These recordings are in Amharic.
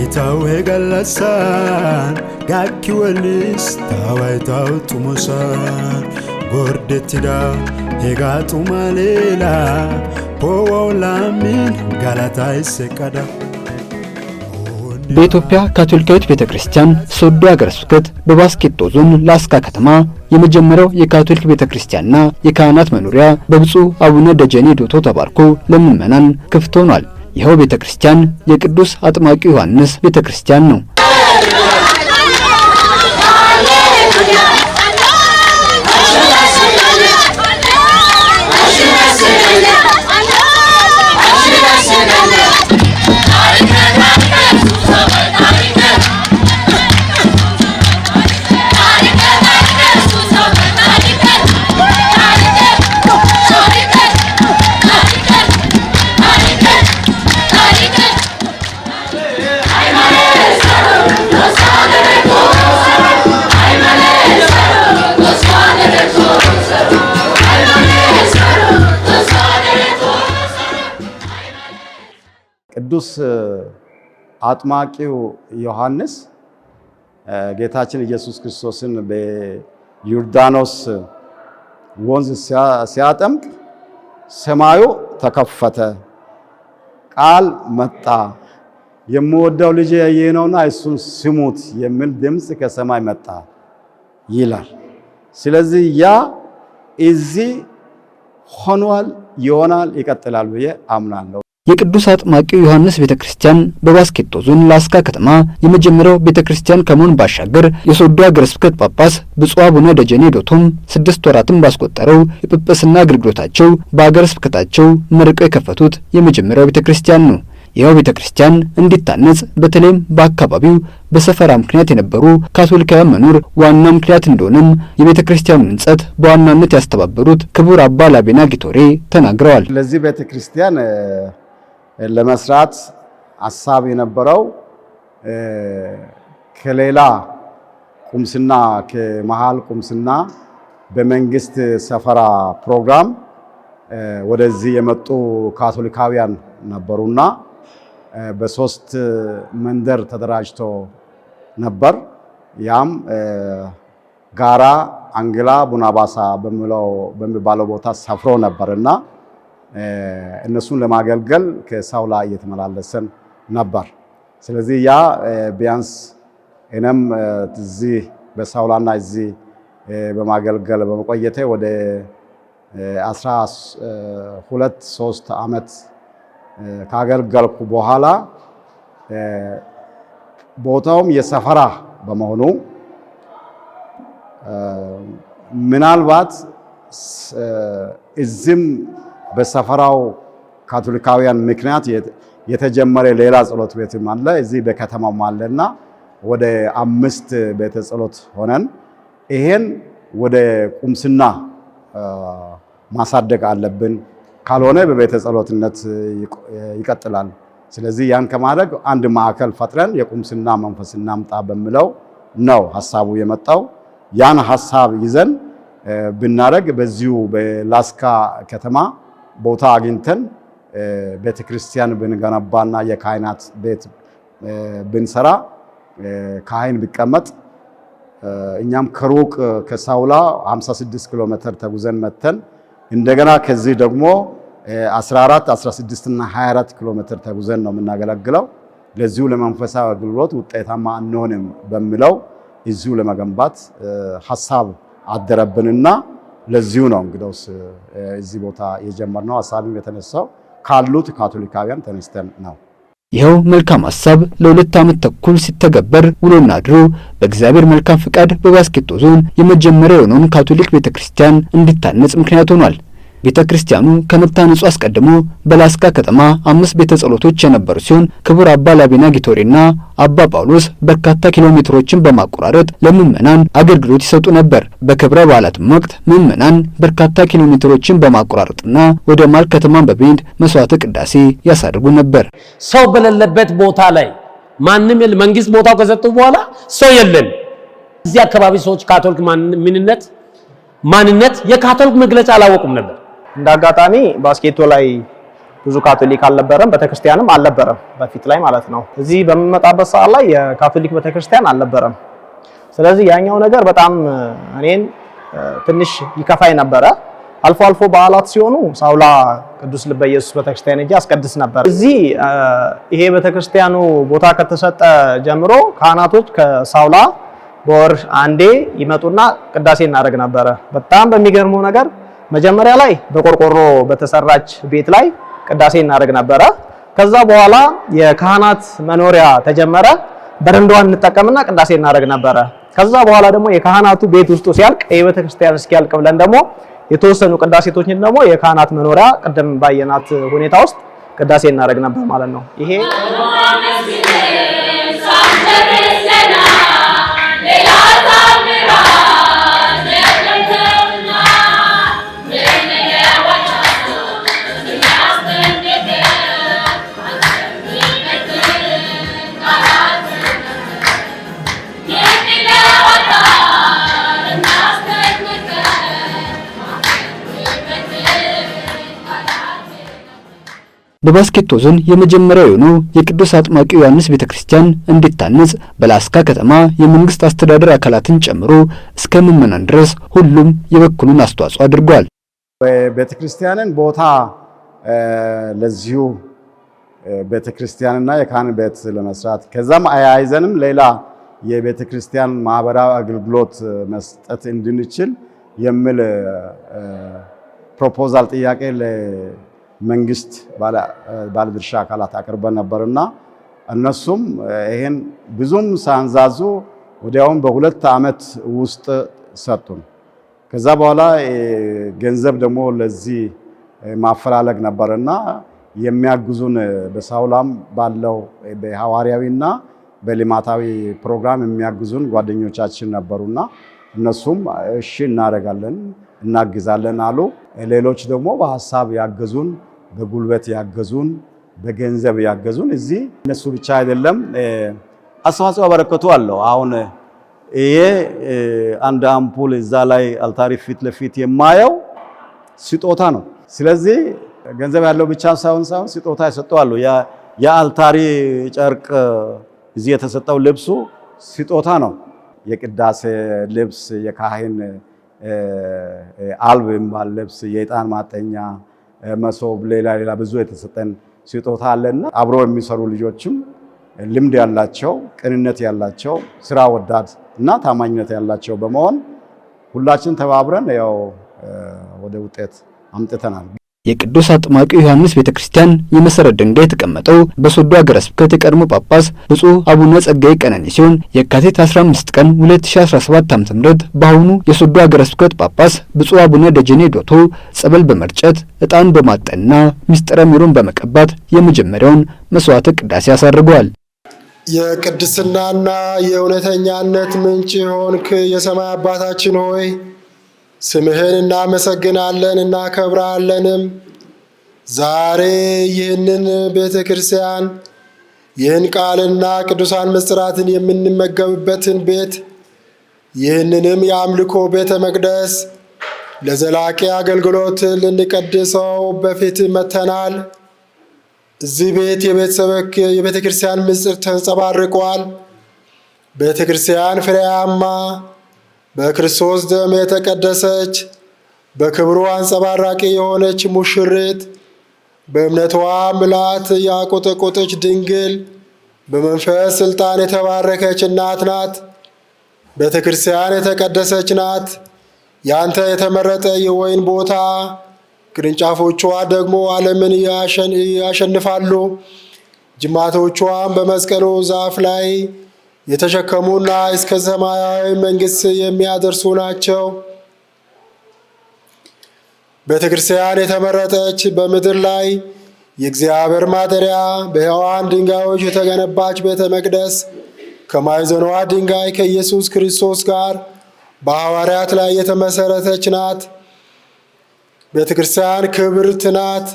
ይታው ጋኪ ታዋይታው ጡሞሳ ጎርደትዳ ሌላ ላሚን ጋላታ ይሰቀዳ በኢትዮጵያ ካቶሊካዊት ቤተ ክርስቲያን ሶዶ ሀገረ ስብከት በባስኬቶ ዞን ላስካ ከተማ የመጀመሪያው የካቶሊክ ቤተ ክርስቲያንና የካህናት መኖሪያ በብፁዕ አቡነ ደጀኔ ዶቶ ተባርኮ ለምዕመናን ክፍት ሆኗል። ይኸው ቤተ ክርስቲያን የቅዱስ አጥማቂ ዮሐንስ ቤተ ክርስቲያን ነው። ቅዱስ አጥማቂው ዮሐንስ ጌታችን ኢየሱስ ክርስቶስን በዮርዳኖስ ወንዝ ሲያጠምቅ ሰማዩ ተከፈተ፣ ቃል መጣ፣ የምወደው ልጄ ይህ ነውና እሱን ስሙት የሚል ድምፅ ከሰማይ መጣ ይላል። ስለዚህ ያ እዚህ ሆኗል፣ ይሆናል፣ ይቀጥላል ብዬ አምናለሁ። የቅዱስ አጥማቂው ዮሐንስ ቤተ ክርስቲያን በባስኬቶ ዞን ላስካ ከተማ የመጀመሪያው ቤተ ክርስቲያን ከመሆን ባሻገር የሶዶ ሀገረ ስብከት ጳጳስ ብፁዕ አቡነ ደጀኔ ዶቶም ስድስት ወራትን ባስቆጠረው የጵጵስና አገልግሎታቸው በአገር ስብከታቸው መርቀው የከፈቱት የመጀመሪያው ቤተ ክርስቲያን ነው። ይኸው ቤተ ክርስቲያን እንዲታነጽ በተለይም በአካባቢው በሰፈራ ምክንያት የነበሩ ካቶሊካውያን መኖር ዋና ምክንያት እንደሆነም የቤተ ክርስቲያኑን ሕንጸት በዋናነት ያስተባበሩት ክቡር አባ ላቤና ጊቶሬ ተናግረዋል። ለዚህ ቤተ ክርስቲያን ለመስራት ሀሳብ የነበረው ከሌላ ቁምስና ከመሃል ቁምስና በመንግስት ሰፈራ ፕሮግራም ወደዚህ የመጡ ካቶሊካውያን ነበሩና በሶስት መንደር ተደራጅቶ ነበር። ያም ጋራ አንግላ ቡናባሳ በሚባለው ቦታ ሰፍሮ ነበር እና እነሱን ለማገልገል ከሳውላ እየተመላለሰን ነበር። ስለዚህ ያ ቢያንስ እኔም እዚህ በሳውላና እዚህ በማገልገል በመቆየቴ ወደ 12 3 ዓመት ካገልገልኩ በኋላ ቦታውም የሰፈራ በመሆኑ ምናልባት እዚህም በሰፈራው ካቶሊካውያን ምክንያት የተጀመረ ሌላ ጸሎት ቤትም አለ፣ እዚህ በከተማም አለና ወደ አምስት ቤተ ጸሎት ሆነን ይሄን ወደ ቁምስና ማሳደግ አለብን። ካልሆነ በቤተ ጸሎትነት ይቀጥላል። ስለዚህ ያን ከማድረግ አንድ ማዕከል ፈጥረን የቁምስና መንፈስ እናምጣ በሚለው ነው ሀሳቡ የመጣው። ያን ሀሳብ ይዘን ብናደረግ በዚሁ በላስካ ከተማ ቦታ አግኝተን ቤተክርስቲያን ብንገነባና የካህናት ቤት ብንሰራ ካህን ቢቀመጥ እኛም ከሩቅ ከሳውላ 56 ኪሎ ሜትር ተጉዘን መተን እንደገና ከዚህ ደግሞ 14፣ 16 እና 24 ኪሎ ሜትር ተጉዘን ነው የምናገለግለው። ለዚሁ ለመንፈሳዊ አገልግሎት ውጤታማ አንሆንም በሚለው እዚሁ ለመገንባት ሀሳብ አደረብንና ለዚሁ ነው እንግዲያውስ እዚህ ቦታ የጀመርነው ሀሳብም የተነሳው ካሉት ካቶሊካውያን ተነስተን ነው። ይኸው መልካም ሀሳብ ለሁለት ዓመት ተኩል ሲተገበር ውሎና አድሮ በእግዚአብሔር መልካም ፍቃድ በባስኬቶ ዞን የመጀመሪያ የሆነውን ካቶሊክ ቤተክርስቲያን እንዲታነጽ ምክንያት ሆኗል። ቤተ ክርስቲያኑ ከመታነጹ አስቀድሞ በላስካ ከተማ አምስት ቤተ ጸሎቶች የነበሩ ሲሆን ክቡር አባ ላቢና ጊቶሬና አባ ጳውሎስ በርካታ ኪሎ ሜትሮችን በማቆራረጥ ለምዕመናን አገልግሎት ይሰጡ ነበር። በክብረ በዓላትም ወቅት ምዕመናን በርካታ ኪሎ ሜትሮችን በማቆራረጥና ወደ ማል ከተማን በመሄድ መስዋዕተ ቅዳሴ ያሳድጉ ነበር። ሰው በሌለበት ቦታ ላይ ማንም መንግስት ቦታው ከሰጡ በኋላ ሰው የለም። እዚህ አካባቢ ሰዎች ካቶሊክ ማንነት ማንነት የካቶሊክ መግለጫ አላወቁም ነበር። እንደ አጋጣሚ ባስኬቶ ላይ ብዙ ካቶሊክ አልነበረም፣ ቤተክርስቲያንም አልነበረም በፊት ላይ ማለት ነው። እዚህ በምመጣበት ሰዓት ላይ የካቶሊክ ቤተክርስቲያን አልነበረም። ስለዚህ ያኛው ነገር በጣም እኔን ትንሽ ይከፋይ ነበረ። አልፎ አልፎ በዓላት ሲሆኑ ሳውላ ቅዱስ ልበ ኢየሱስ ቤተክርስቲያን እጅ አስቀድስ ነበር። እዚህ ይሄ ቤተክርስቲያኑ ቦታ ከተሰጠ ጀምሮ ካህናቶች ከሳውላ በወር አንዴ ይመጡና ቅዳሴ እናደርግ ነበረ። በጣም በሚገርመው ነገር መጀመሪያ ላይ በቆርቆሮ በተሰራች ቤት ላይ ቅዳሴ እናደርግ ነበረ። ከዛ በኋላ የካህናት መኖሪያ ተጀመረ። በረንዳዋን እንጠቀምና ቅዳሴ እናደርግ ነበረ። ከዛ በኋላ ደግሞ የካህናቱ ቤት ውስጡ ሲያልቅ የቤተ ክርስቲያን እስኪያልቅ ብለን ደግሞ የተወሰኑ ቅዳሴቶችን ደግሞ የካህናት መኖሪያ ቅድም ባየናት ሁኔታ ውስጥ ቅዳሴ እናደርግ ነበር ማለት ነው ይሄ በባስኬቶ ዞን የመጀመሪያው የሆነው የቅዱስ አጥማቂው ዮሐንስ ቤተክርስቲያን እንዲታነጽ በላስካ ከተማ የመንግስት አስተዳደር አካላትን ጨምሮ እስከ ምዕመናን ድረስ ሁሉም የበኩሉን አስተዋጽኦ አድርጓል። ቤተክርስቲያንን ቦታ ለዚሁ ቤተክርስቲያንና የካህን ቤት ለመስራት ከዛም አያይዘንም ሌላ የቤተክርስቲያን ማህበራዊ አገልግሎት መስጠት እንድንችል የሚል ፕሮፖዛል ጥያቄ መንግስት ባለድርሻ አካላት አቅርበን ነበርና እነሱም ይሄን ብዙም ሳንዛዙ ወዲያውም በሁለት ዓመት ውስጥ ሰጡን። ከዛ በኋላ ገንዘብ ደግሞ ለዚህ ማፈላለግ ነበርና የሚያግዙን በሳውላም ባለው በሐዋርያዊና በልማታዊ ፕሮግራም የሚያግዙን ጓደኞቻችን ነበሩና እነሱም እሺ እናደርጋለን እናግዛለን አሉ። ሌሎች ደግሞ በሀሳብ ያገዙን በጉልበት ያገዙን፣ በገንዘብ ያገዙን። እዚህ እነሱ ብቻ አይደለም አስተዋጽኦ አበረከቱ አለው። አሁን ይሄ አንድ አምፑል እዛ ላይ አልታሪ ፊት ለፊት የማየው ስጦታ ነው። ስለዚህ ገንዘብ ያለው ብቻ ሳይሆን ሳይሆን ስጦታ የሰጡ አሉ። የአልታሪ ጨርቅ እዚህ የተሰጠው ልብሱ ስጦታ ነው። የቅዳሴ ልብስ፣ የካህን አልብ ልብስ፣ የእጣን ማጠኛ መሶብ፣ ሌላ ሌላ ብዙ የተሰጠን ስጦታ አለና አብሮ የሚሰሩ ልጆችም ልምድ ያላቸው ቅንነት ያላቸው ስራ ወዳድ እና ታማኝነት ያላቸው በመሆን ሁላችን ተባብረን ያው ወደ ውጤት አምጥተናል። የቅዱስ አጥማቂው ዮሐንስ ቤተ ክርስቲያን ድንጋይ የተቀመጠው በሶዶ ሀገረ ስብከት የቀድሞ ጳጳስ ብፁዕ አቡነ ጸጋዬ ቀነኒ ሲሆን የካቲት 15 ቀን 2017 ዓ.ም በአሁኑ የሶዶ ሀገረ ስብከት ጳጳስ ብፁዕ አቡነ ደጀኔ ዶቶ ጸበል በመርጨት ዕጣን በማጠንና ሚስጥረ ሜሮን በመቀባት የመጀመሪያውን መስዋዕተ ቅዳሴ አሳርገዋል። የቅድስናና የእውነተኛነት ምንጭ የሆንክ የሰማይ አባታችን ሆይ ስምህን እናመሰግናለን እናከብራለንም። ዛሬ ይህንን ቤተ ክርስቲያን ይህን ቃልና ቅዱሳን ምስጢራትን የምንመገብበትን ቤት ይህንንም የአምልኮ ቤተ መቅደስ ለዘላቂ አገልግሎት ልንቀድሰው በፊት መተናል። እዚህ ቤት የቤተ ክርስቲያን ምስጢር ተንጸባርቋል። ቤተ ክርስቲያን ፍሬያማ በክርስቶስ ደም የተቀደሰች በክብሩ አንጸባራቂ የሆነች ሙሽሪት በእምነቷ ምላት ያቆጠቆጠች ድንግል በመንፈስ ሥልጣን የተባረከች እናት ናት። ቤተ ክርስቲያን የተቀደሰች ናት። ያንተ የተመረጠ የወይን ቦታ ቅርንጫፎቿ ደግሞ ዓለምን ያሸንፋሉ። ጅማቶቿም በመስቀሉ ዛፍ ላይ የተሸከሙና እስከ ሰማያዊ መንግስት የሚያደርሱ ናቸው። ቤተክርስቲያን የተመረጠች በምድር ላይ የእግዚአብሔር ማደሪያ በሕያዋን ድንጋዮች የተገነባች ቤተ መቅደስ ከማዕዘኗ ድንጋይ ከኢየሱስ ክርስቶስ ጋር በሐዋርያት ላይ የተመሠረተች ናት። ቤተ ክርስቲያን ክብርት ናት።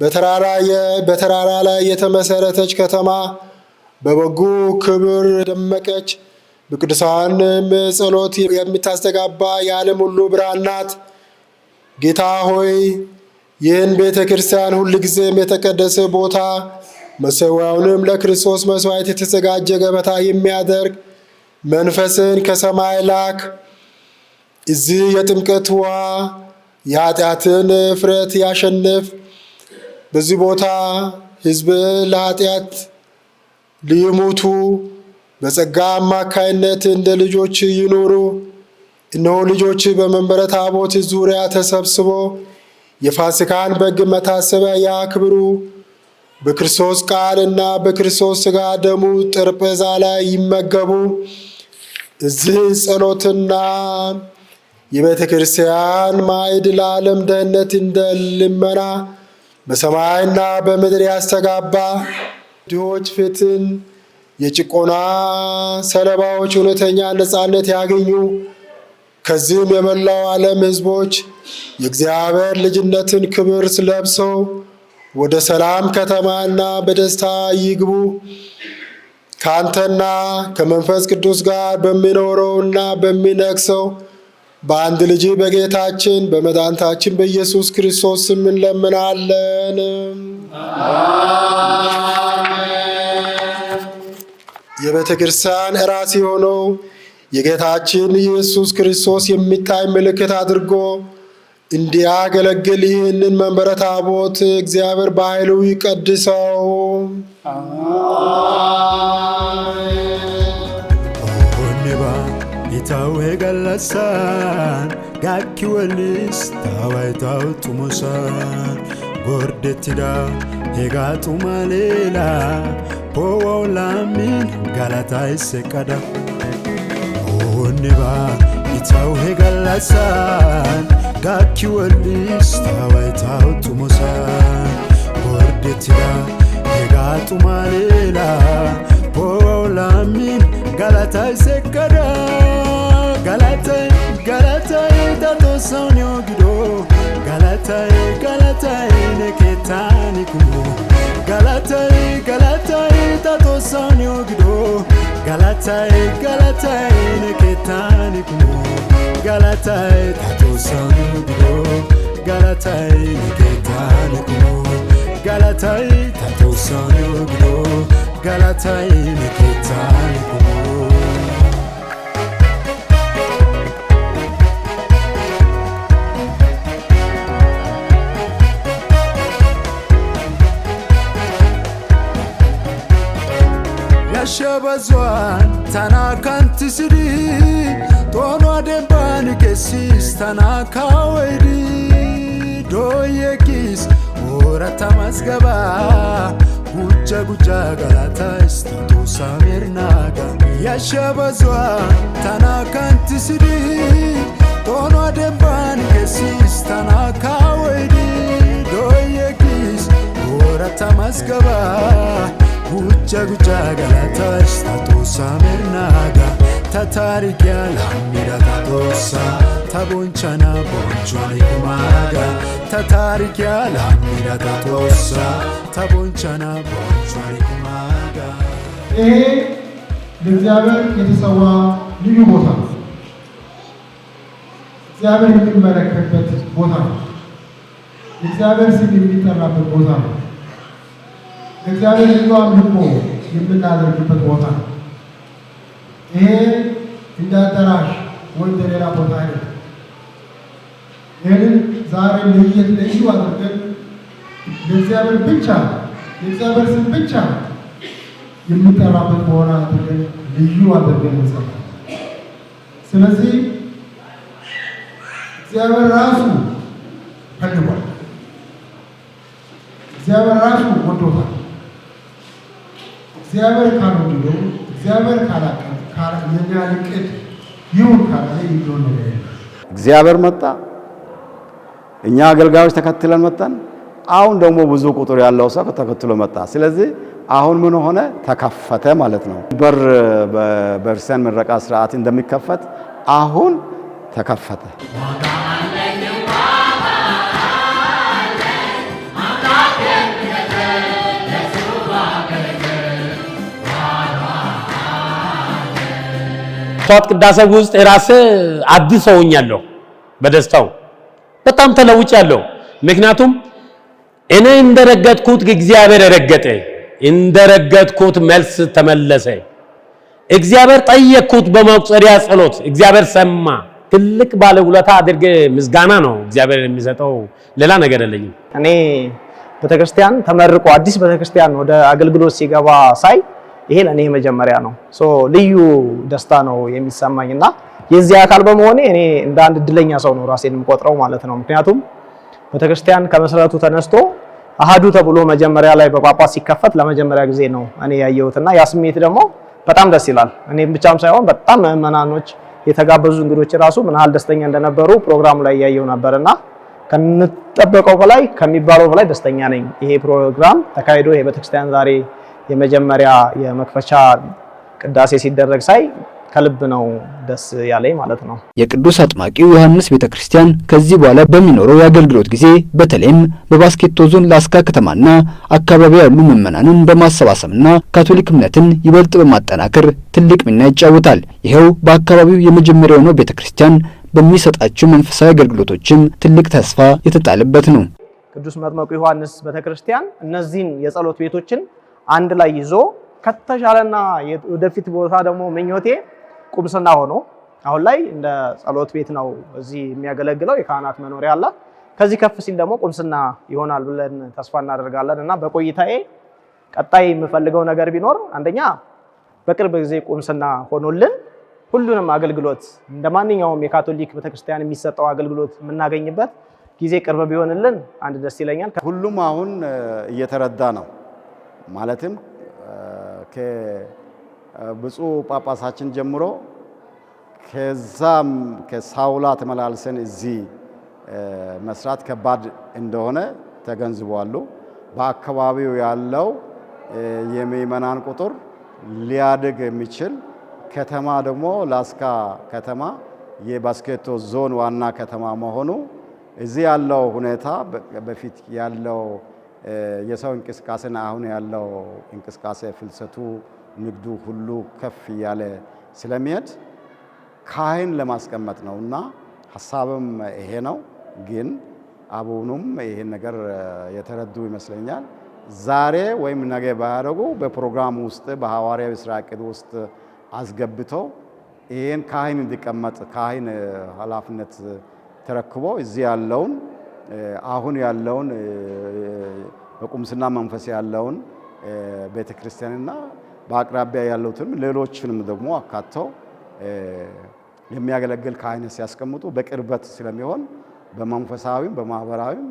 በተራራ ላይ የተመሠረተች ከተማ በበጉ ክብር የደመቀች በቅዱሳን ጸሎት የምታስተጋባ የዓለም ሁሉ ብርሃን ናት። ጌታ ሆይ ይህን ቤተ ክርስቲያን ሁልጊዜም የተቀደሰ ቦታ መሰዊያውንም ለክርስቶስ መስዋዕት የተዘጋጀ ገበታ የሚያደርግ መንፈስን ከሰማይ ላክ። እዚህ የጥምቀት ውሃ የኃጢአትን ፍረት ያሸንፍ። በዚህ ቦታ ሕዝብ ለኃጢአት ሊሙቱ በጸጋ አማካይነት እንደ ልጆች ይኖሩ! እነሆ ልጆች በመንበረ ታቦት ዙሪያ ተሰብስቦ የፋሲካን በግ መታሰቢያ ያክብሩ። በክርስቶስ ቃል እና በክርስቶስ ሥጋ ደሙ ጠረጴዛ ላይ ይመገቡ። እዚህ ጸሎትና የቤተ ክርስቲያን ማዕድ ለዓለም ደህንነት እንደ ልመና በሰማይና በምድር ያስተጋባ ድሆች ፊትን የጭቆና ሰለባዎች እውነተኛ ነፃነት ያገኙ፣ ከዚህም የመላው ዓለም ሕዝቦች የእግዚአብሔር ልጅነትን ክብር ለብሰው ወደ ሰላም ከተማና በደስታ ይግቡ። ከአንተና ከመንፈስ ቅዱስ ጋር በሚኖረውና በሚነግሰው በአንድ ልጅ በጌታችን በመድኃኒታችን በኢየሱስ ክርስቶስ ስም እንለምናለን። የቤተ ክርስቲያን ራስ የሆነው የጌታችን ኢየሱስ ክርስቶስ የሚታይ ምልክት አድርጎ እንዲያገለግል ይህንን መንበረ ታቦት እግዚአብሔር በኃይሉ ይቀድሰው። ታይታው የገለሳን ጋኪ ወሊስ ታዋይታው ጡሞሳን ጎርደትዳ የጋጡ ማሌላ ሆዋው ላሚን ጋላታ ይሰቀዳ ሆንባ ይታው የገለሳን ጋኪ ወሊስ ታዋይታው ጡሞሳን ጎርደትዳ የጋጡ ማሌላ ሆዋው ላሚን Galata sekara Galata galata tato sonyo gido Galata galata neketani kumo Galata galata tato sonyo gido Galata galata neketani kumo Galata tato sonyo gido Galata neketani kumo Galata tato sonyo gido Galata neketani kumo በዟን ተናካንቲ ስዲ ጦኗ ደንባን ገሲስ ተናካ ወይዲ ዶዬ ኪስ ኦረታ መዝገባ ጉጃ ጉጃ ገላታይስ ቲቶ ሳሜርናጋ ያሸ በዟን ተናካንቲ ጦኗ ደንባን ኬሲስ ተናካ ወይዲ ዶዬ ኪስ ኦረታ መዝገባ Guccia guccia galata statosa mernaga ta lammira tatosa Tabonchana bonchani kumaga ta ta lammira tatosa Tabonchana bonchani kumaga ይሄ ለእግዚአብሔር የተሰዋ ልዩ ቦታ ነው። እግዚአብሔር የሚመለከበት ቦታ ነው። እግዚአብሔር ስም የሚጠራበት ቦታ ነው። እግዚአብሔር ልዩ አምልኮ የምናደርግበት ቦታ ነው። ይሄ እንደ አዳራሽ ወይ እንደ ሌላ ቦታ አይደለም። ይህንን ዛሬ ለየት ለዩ አድርገን ለእግዚአብሔር ብቻ የእግዚአብሔር ስም ብቻ የምንጠራበት በሆነ አድርገን ልዩ አድርገን እንሰራ። ስለዚህ እግዚአብሔር ራሱ ፈልጓል። እግዚአብሔር ራሱ ወዶታል። እግዚአብሔር ካልወደደው እግዚአብሔር ካላቀ የኛ እቅድ ይሁን ካለ ይሁን ነው። እግዚአብሔር መጣ፣ እኛ አገልጋዮች ተከትለን መጣን። አሁን ደግሞ ብዙ ቁጥር ያለው ሰው ተከትሎ መጣ። ስለዚህ አሁን ምን ሆነ? ተከፈተ ማለት ነው። በር በርሰን ምረቃ ስርዓት እንደሚከፈት አሁን ተከፈተ። ጠዋት ቅዳሴ ውስጥ የራሴ አዲስ ሰውኛለሁ። በደስታው በጣም ተለውጫለሁ። ምክንያቱም እኔ እንደረገጥኩት እግዚአብሔር ረገጠ፣ እንደረገጥኩት መልስ ተመለሰ። እግዚአብሔር ጠየቅኩት በመቁጠሪያ ጸሎት እግዚአብሔር ሰማ። ትልቅ ባለውለታ አድርጌ ምስጋና ነው እግዚአብሔር የሚሰጠው፣ ሌላ ነገር የለኝም። እኔ ቤተክርስቲያን ተመርቆ አዲስ ቤተክርስቲያን ወደ አገልግሎት ሲገባ ሳይ ይሄ ለእኔ መጀመሪያ ነው። ልዩ ደስታ ነው የሚሰማኝ እና የዚህ አካል በመሆኔ እኔ እንደ አንድ እድለኛ ሰው ነው ራሴን የምቆጥረው ማለት ነው። ምክንያቱም ቤተክርስቲያን ከመሰረቱ ተነስቶ አሃዱ ተብሎ መጀመሪያ ላይ በጳጳስ ሲከፈት ለመጀመሪያ ጊዜ ነው እኔ ያየሁትና ያ ስሜት ደግሞ በጣም ደስ ይላል። እኔም ብቻም ሳይሆን በጣም ምዕመናኖች፣ የተጋበዙ እንግዶች ራሱ ምን ያህል ደስተኛ እንደነበሩ ፕሮግራሙ ላይ እያየሁ ነበርና ከምጠበቀው በላይ ከሚባለው በላይ ደስተኛ ነኝ። ይሄ ፕሮግራም ተካሂዶ የቤተክርስቲያን ዛሬ የመጀመሪያ የመክፈቻ ቅዳሴ ሲደረግ ሳይ ከልብ ነው ደስ ያለኝ ማለት ነው። የቅዱስ አጥማቂው ዮሐንስ ቤተ ክርስቲያን ከዚህ በኋላ በሚኖረው የአገልግሎት ጊዜ በተለይም በባስኬቶ ዞን ላስካ ከተማና አካባቢ ያሉ ምዕመናንን በማሰባሰብና ካቶሊክ እምነትን ይበልጥ በማጠናከር ትልቅ ሚና ይጫወታል። ይኸው በአካባቢው የመጀመሪያው ነው። ቤተ ክርስቲያን በሚሰጣቸው መንፈሳዊ አገልግሎቶችም ትልቅ ተስፋ የተጣለበት ነው። ቅዱስ መጥመቁ ዮሐንስ ቤተ ክርስቲያን እነዚህን የጸሎት ቤቶችን አንድ ላይ ይዞ ከተሻለና ወደፊት ቦታ ደግሞ ምኞቴ ቁምስና ሆኖ አሁን ላይ እንደ ጸሎት ቤት ነው እዚህ የሚያገለግለው የካህናት መኖሪያ አለ። ከዚህ ከፍ ሲል ደግሞ ቁምስና ይሆናል ብለን ተስፋ እናደርጋለን እና በቆይታዬ ቀጣይ የምፈልገው ነገር ቢኖር አንደኛ በቅርብ ጊዜ ቁምስና ሆኖልን ሁሉንም አገልግሎት እንደ ማንኛውም የካቶሊክ ቤተክርስቲያን የሚሰጠው አገልግሎት የምናገኝበት ጊዜ ቅርብ ቢሆንልን አንድ ደስ ይለኛል። ሁሉም አሁን እየተረዳ ነው። ማለትም ከብፁዕ ጳጳሳችን ጀምሮ ከዛም ከሳውላ ተመላልሰን እዚህ መስራት ከባድ እንደሆነ ተገንዝቧሉ። በአካባቢው ያለው የምእመናን ቁጥር ሊያድግ የሚችል ከተማ ደግሞ ላስካ ከተማ የባስኬቶ ዞን ዋና ከተማ መሆኑ እዚህ ያለው ሁኔታ በፊት ያለው የሰው እንቅስቃሴና አሁን ያለው እንቅስቃሴ ፍልሰቱ፣ ንግዱ ሁሉ ከፍ እያለ ስለሚሄድ ካህን ለማስቀመጥ ነው እና ሀሳብም ይሄ ነው። ግን አቡኑም ይሄን ነገር የተረዱ ይመስለኛል። ዛሬ ወይም ነገ ባያደረጉ በፕሮግራም ውስጥ በሐዋርያዊ ሥራ ዕቅድ ውስጥ አስገብተው ይህን ካህን እንዲቀመጥ ካህን ኃላፊነት ተረክቦ እዚህ ያለውን አሁን ያለውን በቁምስና መንፈስ ያለውን ቤተ ክርስቲያንና በአቅራቢያ ያሉትንም ሌሎችንም ደግሞ አካተው የሚያገለግል ከአይነት ሲያስቀምጡ በቅርበት ስለሚሆን በመንፈሳዊም በማህበራዊም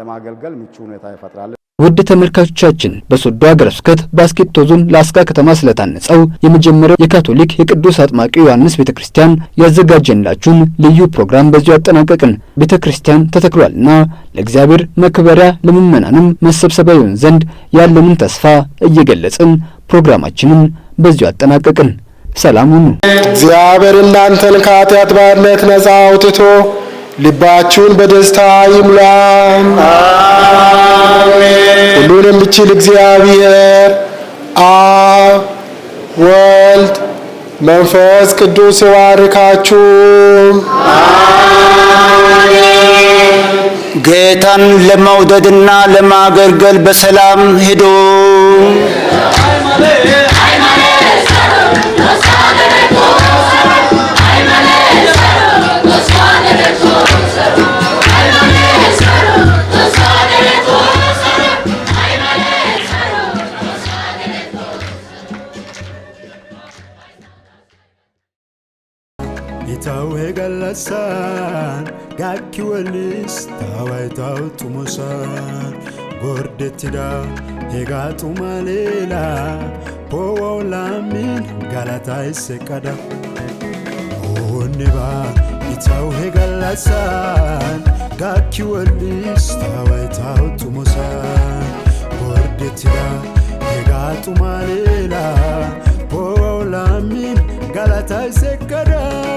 ለማገልገል ምቹ ሁኔታ ይፈጥራል። ውድ ተመልካቾቻችን በሶዶ ሀገረ ስብከት ባስኬቶ ዞን ላስካ ከተማ ስለታነጸው የመጀመሪያው የካቶሊክ የቅዱስ አጥማቂ ዮሐንስ ቤተ ክርስቲያን ያዘጋጀንላችሁን ልዩ ፕሮግራም በዚሁ አጠናቀቅን። ቤተ ክርስቲያን ተተክሏልና ለእግዚአብሔር መክበሪያ ለምእመናንም መሰብሰቢያ ይሆን ዘንድ ያለንን ተስፋ እየገለጽን ፕሮግራማችንን በዚሁ አጠናቀቅን። ሰላም ሁኑ። እግዚአብሔር እናንተን ከኃጢአት ባርነት ነፃ አውጥቶ ልባችሁን በደስታ አሜን። የሚችል እግዚአብሔር አብ ወልድ መንፈስ ቅዱስ ይባርካችሁ። ጌታን ለመውደድና ለማገልገል በሰላም ሂዱ። ጌታው የገለጸን ጋኪ ወልስ ታዋይታው ጡሙሰን ጎርደትዳ ሄጋጡማ ሌላ ሆዋው ላሚን ጋላታ ይሰቀዳ ሆንባ ጌታው የገለጸን ጋኪ ወልስ ታዋይታው ጡሙሰን ጎርደትዳ ሄጋጡማ ሌላ ሆዋው ላሚን ጋላታ ይሰቀዳ